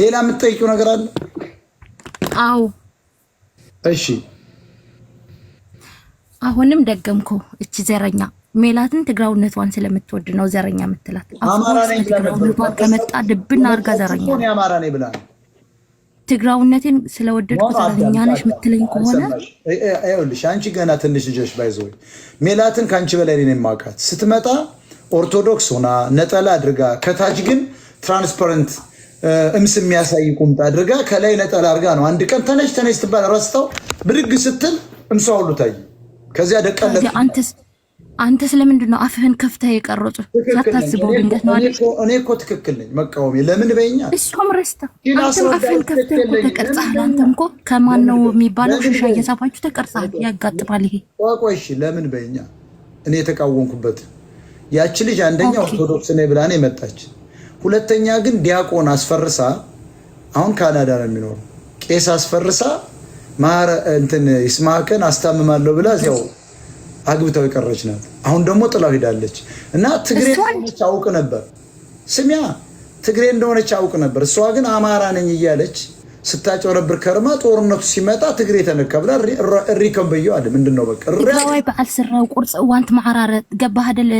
ሌላ የምትጠይቂው ነገር አለ? አዎ። እሺ አሁንም ደገምኩ። እቺ ዘረኛ ሜላትን ትግራውነቷን ስለምትወድ ነው ዘረኛ የምትላት። ከመጣ ድብና አድርጋ ዘረኛ ትግራውነቴን ስለወደድኩ ዘረኛ ነሽ የምትለኝ ከሆነ ይኸውልሽ፣ አንቺ ገና ትንሽ ልጆች ባይዘ ሜላትን ከአንቺ በላይ እኔን የማውቃት ስትመጣ ኦርቶዶክስ ሆና ነጠላ አድርጋ ከታች ግን ትራንስፓረንት እምስ የሚያሳይ ቁምጣ አድርጋ ከላይ ነጠላ አድርጋ ነው። አንድ ቀን ተነሽ ተነሽ ትባል ረስተው ብድግ ስትል እምሷ ሁሉ ታይ። ከዚያ ደቀለ አንተ ስለምንድን ነው አፍህን ከፍተህ የቀረጹ? ሳታስበው ድንገት ነው እኔ እኮ ትክክል ነኝ። መቃወሚ ለምን በኛ እሷም ረስተው አንተም አፍህን ከፍተህ እኮ ተቀርጸሃል። አንተም እኮ ከማን ነው የሚባለው ሽሻ እየሳፋችሁ ተቀርጸሃል። ያጋጥማል ይሄ። ቆይ ለምን በኛ እኔ የተቃወምኩበት ያች ልጅ አንደኛ ኦርቶዶክስ ነኝ ብላ ነው የመጣች ሁለተኛ ግን ዲያቆን አስፈርሳ አሁን ካናዳ ነው የሚኖሩ ቄስ አስፈርሳ ማረ እንትን ይስማከን አስታምማለሁ ብላ እዚያው አግብታው የቀረች ናት። አሁን ደግሞ ጥላው ሄዳለች እና ትግሬ እንደሆነች አውቅ ነበር። ስሚያ ትግሬ እንደሆነች አውቅ ነበር። እሷ ግን አማራ ነኝ እያለች ስታጨረብር ከርማ ጦርነቱ ሲመጣ ትግሬ ተነከብላ ሪከም እሪ አለ። ምንድን ነው በቃ ትግራዋይ በዓል ስራው ቁርፅ እዋን ትመዓራረት ገባህ አይደል?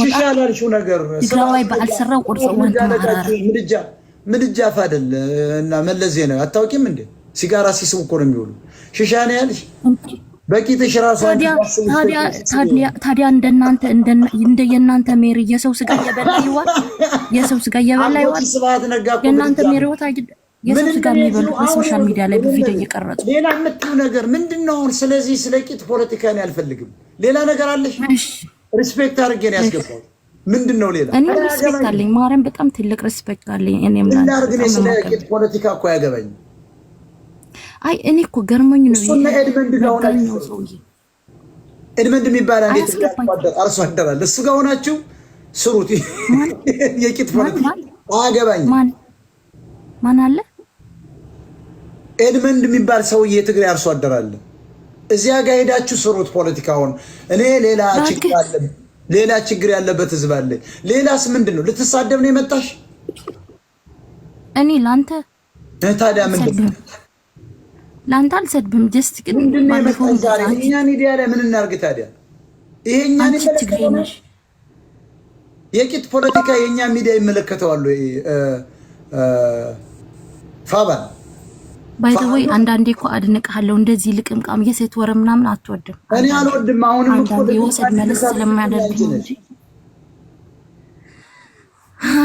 ይሻላልሽው ነገር ትግራዋይ በዓል ስራው ቁርፅ እዋን ትመዓራረት ምድጃ ምድጃ አፍ እና መለስ ነው አታውቂም እንዴ? ሲጋራ ሲስቡ እኮ ነው የሚውሉ። ሽሻ ነው ያልሽ በቂጥሽ ራሱ ታዲያ እንደናንተ እንደ የእናንተ ሜሪ የሰው ስጋ እየበላ ይዋል፣ የሰው ስጋ እየበላ ይዋል። የእናንተ ሜሪዎት አይደል የሰው ስጋ የሚበሉ በሶሻል ሚዲያ ላይ ቪዲዮ እየቀረጹ ሌላ የምትሉ ነገር ምንድን ነው? ስለዚህ ስለ ቂጥ ፖለቲካ እኔ አልፈልግም። ሌላ ነገር አለሽ? ሪስፔክት አድርጌ ነው ያስገባው። ምንድን ነው ሌላ? እኔ ሪስፔክት አለኝ፣ ማርያም በጣም ትልቅ ሪስፔክት አለኝ። እኔ ምናምን ስለ ቂጥ ፖለቲካ እኮ አያገባኝም። አይ እኔ እኮ ገርሞኝ ነው እሱና ኤድመንድ ጋር ሆናችሁ ኤድመንድ የሚባል አንዴት አርሶ አደራል እሱ ጋር ሆናችሁ ስሩት። የቂጥ ፖለቲካ አያገባኝም። ማን አለ ኤድመንድ የሚባል ሰውዬ የትግራይ አርሶ አደራለ። እዚያ ጋር ሄዳችሁ ስሩት ፖለቲካውን። እኔ ሌላ ችግር አለ ሌላ ችግር ያለበት ህዝብ አለ። ሌላስ ምንድን ነው? ልትሳደብ ነው የመጣሽ? እኔ ለአንተ ታዲያ ምንድን ነው? ለአንተ አልሰድብም። ጀስት ግን እኛን ሚዲያ ላይ ምን እናርግ ታዲያ? ይሄኛን የቂት ፖለቲካ የእኛ ሚዲያ ይመለከተዋሉ ፋባል ባይተወይ አንዳንዴ እኮ አድንቅሃለሁ እንደዚህ ልቅምቃም የሴት ወረ ምናምን አትወድም። እኔ አልወድም። አሁንም የወሰድ መልስ ስለማያደርግ ነው እንጂ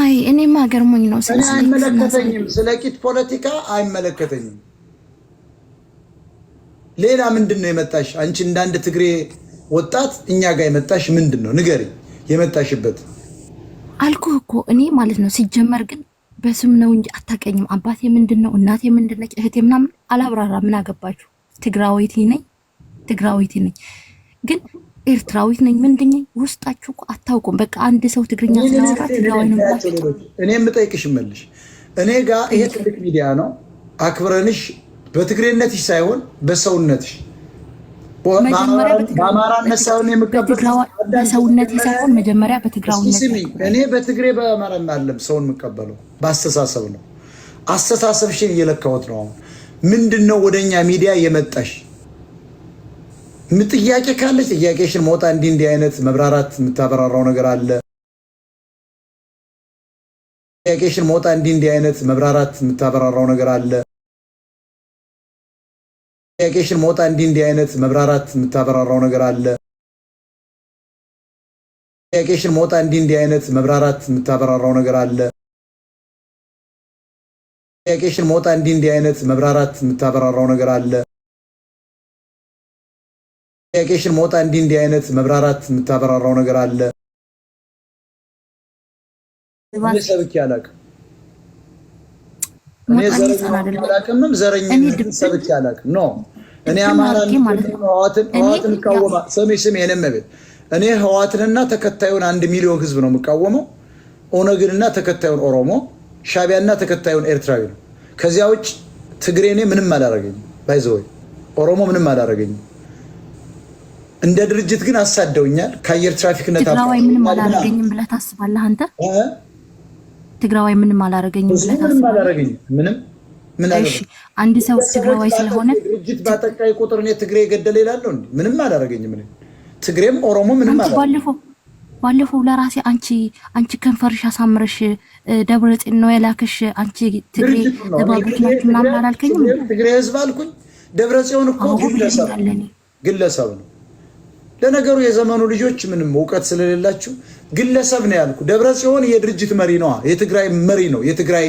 አይ እኔማ ገርሞኝ ነው። አይመለከተኝም፣ ስለ ቂት ፖለቲካ አይመለከተኝም። ሌላ ምንድን ነው የመጣሽ አንቺ? እንዳንድ ትግሬ ወጣት እኛ ጋር የመጣሽ ምንድን ነው ንገሪ፣ የመጣሽበት አልኩህ እኮ እኔ ማለት ነው ሲጀመር ግን በስም ነው እንጂ አታቀኝም። አባቴ ምንድን ነው እናቴ ምንድን ነች እህቴ ምናምን አላብራራ። ምን አገባችሁ? ትግራዊት ነኝ ትግራዊት ነኝ ግን ኤርትራዊት ነኝ ምንድኝ ውስጣችሁ እኮ አታውቁም። በቃ አንድ ሰው ትግርኛ ስናወራ ትግራዊ ነው። እኔ የምጠይቅሽ መልሽ እኔ ጋር ይሄ ትልቅ ሚዲያ ነው። አክብረንሽ በትግሬነትሽ ሳይሆን በሰውነትሽ በአማራነት ሳይሆን የምቀበል በሰውነት ሳይሆን መጀመሪያ በትግራውነት። እኔ በትግሬ በአማራነት አለም ሰውን የምቀበለው በአስተሳሰብ ነው። አስተሳሰብሽን እየለካሁት ነው። አሁን ምንድን ነው ወደ ሚዲያ የመጣሽ ጥያቄ ካለች ጥያቄሽን መውጣ እንዲህ እንዲህ አይነት መብራራት የምታበራራው ነገር አለ ጥያቄሽን መውጣ እንዲህ እንዲህ አይነት መብራራት የምታበራራው ነገር አለ ጥያቄሽን ሞጣ እንዲህ እንዲህ አይነት መብራራት የምታበራራው ነገር አለ። ጥያቄሽን መውጣ እንዲህ እንዲህ አይነት መብራራት የምታበራራው ነገር አለ። ጥያቄሽን መውጣ እንዲህ እንዲህ አይነት መብራራት የምታበራራው ነገር አለ። ጥያቄሽን መውጣ እንዲህ እንዲህ አይነት መብራራት የምታበራራው ነገር አለ። ሰብክ አላውቅም። እኔ ዘረኛ አላውቅምም። ሰብኬ አላውቅም። ኖ እኔ አማራ ህዋትን እቃወማ ስሜ ስሜ የነመ ቤት እኔ ህዋትንና ተከታዩን አንድ ሚሊዮን ህዝብ ነው የምቃወመው። ኦነግንና ተከታዩን ኦሮሞ፣ ሻቢያና ተከታዩን ኤርትራዊ ነው። ከዚያ ውጭ ትግሬኔ ምንም አላረገኝም። ባይዘወይ ኦሮሞ ምንም አላረገኝም። እንደ ድርጅት ግን አሳደውኛል። ከአየር ትራፊክ ምንም አላረገኝም ብለህ ታስባለህ አንተ? ትግራዋይ ምንም አላረገኝ ብለህ ምንም ምን አንድ ሰው ትግራዋይ ስለሆነ ድርጅት ባጠቃይ ቁጥር እኔ ትግሬ የገደለ ይላለሁ። ምንም አላረገኝ ምን ትግሬም ኦሮሞ ምንም አላ ባለፈው ባለፈው ለራሴ አንቺ አንቺ ከንፈርሽ አሳምረሽ ደብረ ጽዮን ነው የላክሽ አንቺ ትግሬ ለባቦች ናችሁ ምናምን አላልከኝም። ትግሬ ህዝብ አልኩኝ። ደብረ ጽዮን እኮ ግለሰብ ነው። ለነገሩ የዘመኑ ልጆች ምንም እውቀት ስለሌላችሁ ግለሰብ ነው ያልኩ። ደብረ ጽዮን የድርጅት መሪ ነዋ፣ የትግራይ መሪ ነው፣ የትግራይ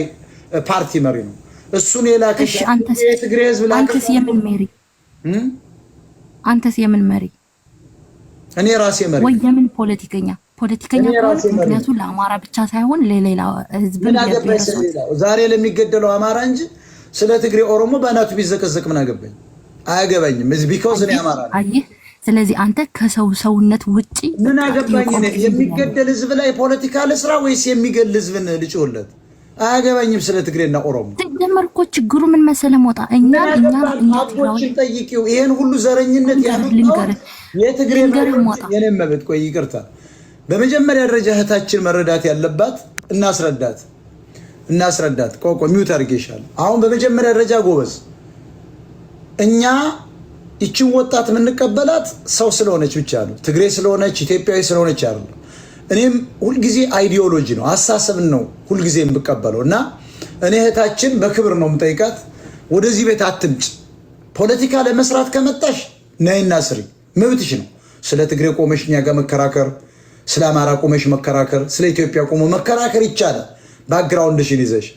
ፓርቲ መሪ ነው። እሱን የላከ የትግራይ ህዝብ ላከ። አንተስ የምን መሪ? አንተስ የምን መሪ? እኔ ራሴ መሪ ወይ የምን ፖለቲከኛ ፖለቲከኛ ምክንያቱ ለአማራ ብቻ ሳይሆን ለሌላ ህዝብ ዛሬ ለሚገደለው አማራ እንጂ ስለ ትግሬ ኦሮሞ በእናቱ ቢዘቀዘቅ ምን አገባኝ? አያገባኝም። ቢኮዝ እኔ አማራ ነው። ስለዚህ አንተ ከሰው ሰውነት ውጪ ምን አገባኝ? የሚገደል ህዝብ ላይ ፖለቲካ ለስራ ወይስ የሚገል ህዝብን ልጭውለት? አያገባኝም። ስለ ትግሬና ኦሮሞ ትጀመር እኮ ችግሩ ምን መሰለ ሞጣ እኛ እኛ እኛችን ጠይቂው። ይሄን ሁሉ ዘረኝነት ያሉልንገር የትግሬ የኔ መብት። ቆይ ይቅርታ፣ በመጀመሪያ ደረጃ እህታችን መረዳት ያለባት እናስረዳት፣ እናስረዳት። ቆቆ ሚውት አድርጌሻል። አሁን በመጀመሪያ ደረጃ ጎበዝ እኛ ይችን ወጣት የምንቀበላት ሰው ስለሆነች ብቻ ነው። ትግሬ ስለሆነች ኢትዮጵያዊ ስለሆነች አይደለም። እኔም ሁልጊዜ አይዲዮሎጂ ነው አሳሰብን ነው ሁልጊዜ የምቀበለው እና እኔ እህታችን በክብር ነው የምጠይቃት። ወደዚህ ቤት አትምጭ። ፖለቲካ ለመስራት ከመጣሽ ነይና ስሪ፣ መብትሽ ነው። ስለ ትግሬ ቆመሽ እኛ ጋር መከራከር፣ ስለ አማራ ቆመሽ መከራከር፣ ስለ ኢትዮጵያ ቆሞ መከራከር ይቻላል። ባክግራውንድሽን ይዘሽ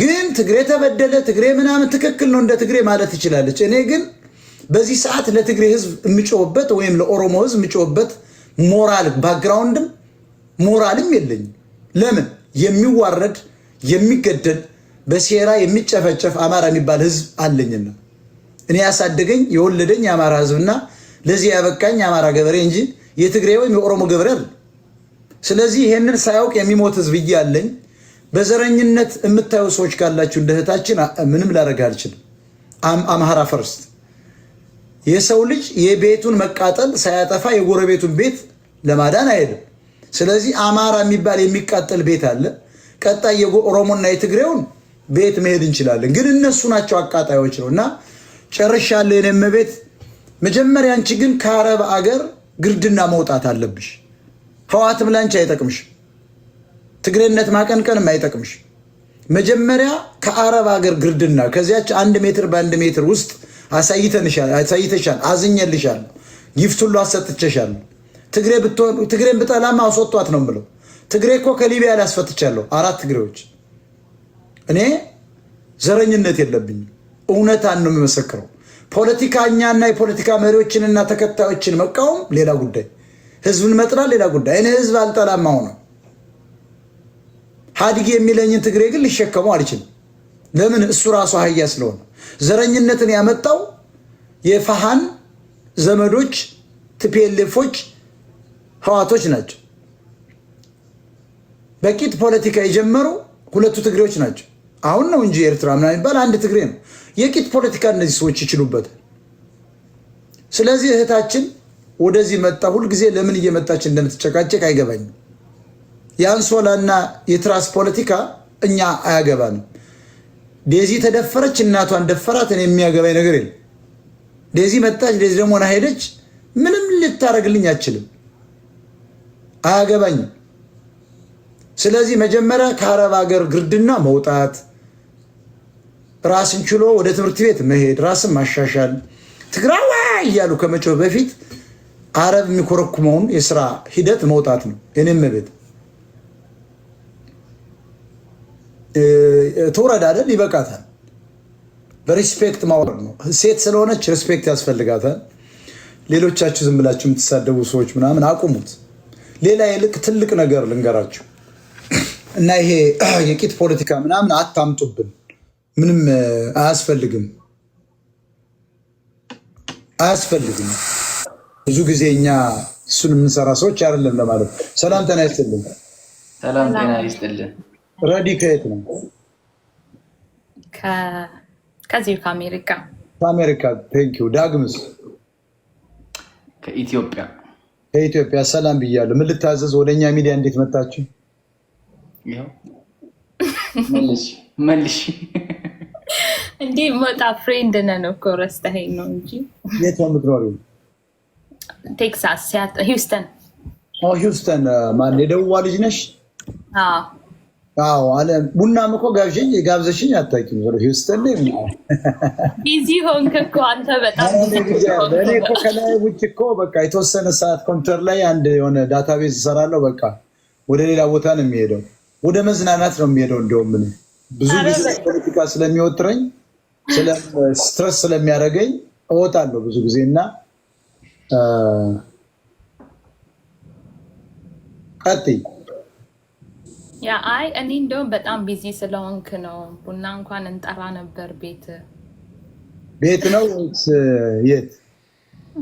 ግን ትግሬ ተበደለ፣ ትግሬ ምናምን ትክክል ነው እንደ ትግሬ ማለት ትችላለች። እኔ ግን በዚህ ሰዓት ለትግሬ ህዝብ የምጮህበት ወይም ለኦሮሞ ህዝብ የምጮህበት ሞራል ባክግራውንድም ሞራልም የለኝም። ለምን የሚዋረድ የሚገደል በሴራ የሚጨፈጨፍ አማራ የሚባል ህዝብ አለኝና እኔ ያሳደገኝ የወለደኝ የአማራ ህዝብና ለዚህ ያበቃኝ የአማራ ገበሬ እንጂ የትግሬ ወይም የኦሮሞ ገበሬ አለ። ስለዚህ ይሄንን ሳያውቅ የሚሞት ህዝብ እያለኝ በዘረኝነት የምታዩ ሰዎች ካላችሁ እንደ እህታችን ምንም ላደርግ አልችልም። አምሃራ ፈርስት የሰው ልጅ የቤቱን መቃጠል ሳያጠፋ የጎረቤቱን ቤት ለማዳን አይሄድም። ስለዚህ አማራ የሚባል የሚቃጠል ቤት አለ። ቀጣይ የኦሮሞና የትግሬውን ቤት መሄድ እንችላለን። ግን እነሱ ናቸው አቃጣዮች ነው እና ጨርሻለሁ። የኔም ቤት መጀመሪያ አንቺ ግን ከአረብ አገር ግርድና መውጣት አለብሽ። ህዋትም ላንቺ አይጠቅምሽ፣ ትግሬነት ማቀንቀንም አይጠቅምሽ። መጀመሪያ ከአረብ አገር ግርድና ከዚያች አንድ ሜትር በአንድ ሜትር ውስጥ አሳይተንሻል፣ አሳይተሻል፣ አዝኘልሻል፣ ጊፍት ሁሉ አሰጥቼሻል። ትግሬ ብትሆን ትግሬን ብጠላማ አስወጧት ነው ምለው። ትግሬ እኮ ከሊቢያ ላይ አስፈትቻለሁ፣ አራት ትግሬዎች። እኔ ዘረኝነት የለብኝም፣ እውነታን ነው የምመሰክረው። ፖለቲካኛና የፖለቲካ መሪዎችንና ተከታዮችን መቃወም ሌላ ጉዳይ፣ ህዝብን መጥላት ሌላ ጉዳይ። እኔ ህዝብ አልጠላማ ሆነ ሀዲግ የሚለኝን ትግሬ ግን ሊሸከመው አልችልም። ለምን? እሱ ራሱ አህያ ስለሆነ ዘረኝነትን ያመጣው የፋሃን ዘመዶች ትፔሌፎች ህዋቶች ናቸው። በቂት ፖለቲካ የጀመሩ ሁለቱ ትግሬዎች ናቸው። አሁን ነው እንጂ ኤርትራ ምናምን የሚባል አንድ ትግሬ ነው። የቂት ፖለቲካ እነዚህ ሰዎች ይችሉበታል። ስለዚህ እህታችን ወደዚህ መጣ። ሁልጊዜ ለምን እየመጣች እንደምትጨቃጨቅ አይገባኝም። የአንሶላና የትራስ ፖለቲካ እኛ አያገባንም። ዴዚ ተደፈረች፣ እናቷን ደፈራት። እኔ የሚያገባኝ ነገር የለም። ዴዚ መጣች፣ ዴዚ ደግሞ ሆና ሄደች። ምንም ልታደርግልኝ አችልም፣ አያገባኝም። ስለዚህ መጀመሪያ ከአረብ ሀገር ግርድና መውጣት፣ ራስን ችሎ ወደ ትምህርት ቤት መሄድ፣ ራስን ማሻሻል፣ ትግራዋ እያሉ ከመጮህ በፊት አረብ የሚኮረኩመውን የስራ ሂደት መውጣት ነው የኔም ቤት ትውረድ አይደል ይበቃታል። በሪስፔክት ማውረድ ነው። ሴት ስለሆነች ሪስፔክት ያስፈልጋታል። ሌሎቻችሁ ዝም ብላችሁ የምትሳደቡ ሰዎች ምናምን አቁሙት። ሌላ ይልቅ ትልቅ ነገር ልንገራችሁ እና ይሄ የቂት ፖለቲካ ምናምን አታምጡብን። ምንም አያስፈልግም አያስፈልግም። ብዙ ጊዜ እኛ እሱን የምንሰራ ሰዎች አይደለም ለማለት። ሰላም ጤና ይስጥልን። ሰላም ጤና ይስጥልን። ረዲ ከየት ነው? ከዚሁ ከአሜሪካ ከአሜሪካ። ቴንኪዩ። ዳግምስ ከኢትዮጵያ ከኢትዮጵያ። ሰላም ብያለሁ። ምን ልታዘዝ? ወደ እኛ ሚዲያ እንዴት መጣችሁ? መልሽ እንዲህ መጣ። ፍሬንድ ነን እኮ ረስተኸኝ ነው እንጂ። የት ነው የምትኖሪው? ቴክሳስ፣ ሂውስተን። ሂውስተን። ማን የደቡባ ልጅ ነሽ? ቡናም እኮ ጋብዥኝ ጋብዘሽኝ አታውቂም። ሂውስተን ላይ ቢዚ ሆንክ እኮ አንተ በጣም እኔ እኮ ከላይ ውጭ እኮ በቃ የተወሰነ ሰዓት ኮምፒውተር ላይ አንድ የሆነ ዳታቤዝ እሰራለሁ። በቃ ወደ ሌላ ቦታ ነው የሚሄደው፣ ወደ መዝናናት ነው የሚሄደው። እንደውም ምን ብዙ ጊዜ ፖለቲካ ስለሚወጥረኝ ስትረስ ስለሚያደርገኝ እወጣለሁ ብዙ ጊዜ እና ቀጥይ ያ አይ እኔ እንደውም በጣም ቢዚ ስለሆንክ ነው። ቡና እንኳን እንጠራ ነበር። ቤት ቤት ነው ወይስ የት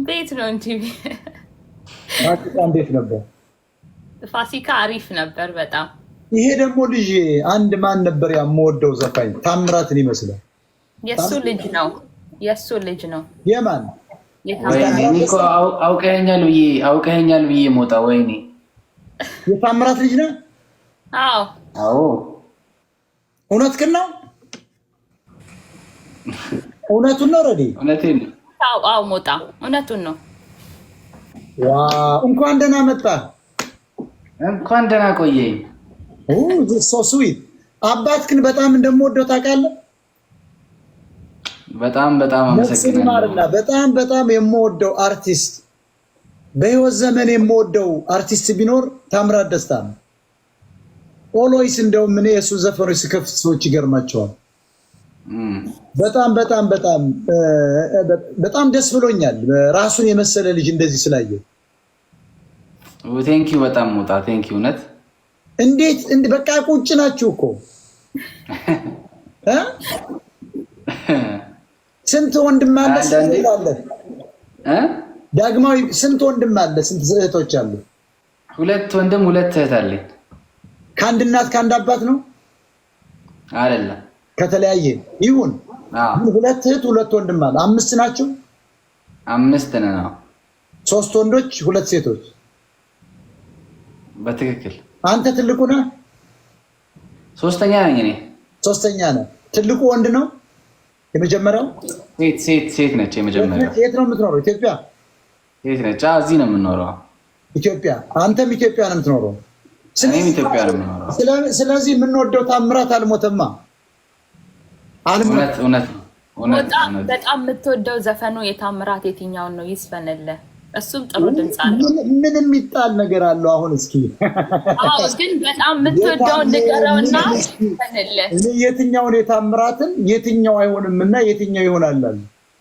ቤት ነው? እንቲ ፋሲካ እንዴት ነበር? ፋሲካ አሪፍ ነበር በጣም። ይሄ ደግሞ ልጅ አንድ ማን ነበር የምወደው ዘፋኝ ታምራትን ይመስላል። የእሱ ልጅ ነው የእሱ ልጅ ነው። የማን አውቀኛል ብዬ አውቀኸኛል ብዬ ሞጣ። ወይኔ የታምራት ልጅ ነው አዎ እውነት ግን ነው። እውነቱን ነው። ረዲ አዎ፣ ሞጣ እውነቱን ነው። እንኳን ደህና መጣ። እንኳን ደህና ቆየኝ። ሶ ስዊት አባት ግን በጣም እንደምወደው ታውቃለህ። በጣም በጣም አመሰግናለሁ። በጣም በጣም የምወደው አርቲስት በህይወት ዘመን የምወደው አርቲስት ቢኖር ታምራት ደስታ ነው። ኦሎይስ እንደውም ምን የእሱ ዘፈኖች ስከፍት ሰዎች ይገርማቸዋል። በጣም በጣም በጣም በጣም ደስ ብሎኛል ራሱን የመሰለ ልጅ እንደዚህ ስላየው። ቴንኪው በጣም ሞጣ ቴንኪው። እውነት እንዴት በቃ ቁጭ ናችሁ እኮ ስንት ወንድም አለ ዳግማዊ፣ ስንት ወንድም አለ ስንት እህቶች አሉ? ሁለት ወንድም ሁለት እህት አለኝ። ከአንድ እናት ከአንድ አባት ነው አይደለም? ከተለያየ ይሁን ሁለት እህት ሁለት ወንድም አለ። አምስት ናቸው። አምስት ነው። ሶስት ወንዶች ሁለት ሴቶች። በትክክል አንተ ትልቁ ነህ። ሶስተኛ ነኝ እኔ። ሶስተኛ ነህ። ትልቁ ወንድ ነው የመጀመሪያው። ሴት ሴት ሴት ነች የመጀመሪያው። የት ነው የምትኖረው? ኢትዮጵያ። ሴት ነች። እዚህ ነው የምኖረው ኢትዮጵያ። አንተም ኢትዮጵያ ነው የምትኖረው ስለዚህ የምንወደው ታምራት አልሞተማ። በጣም የምትወደው ዘፈኑ የታምራት የትኛውን ነው? ይስፈንልህ። እሱም ጥሩ ድምፅ ምን የሚጣል ነገር አለው? አሁን እስኪ ግን በጣም ንገረውና የትኛውን የታምራትን የትኛው አይሆንም እና የትኛው ይሆናል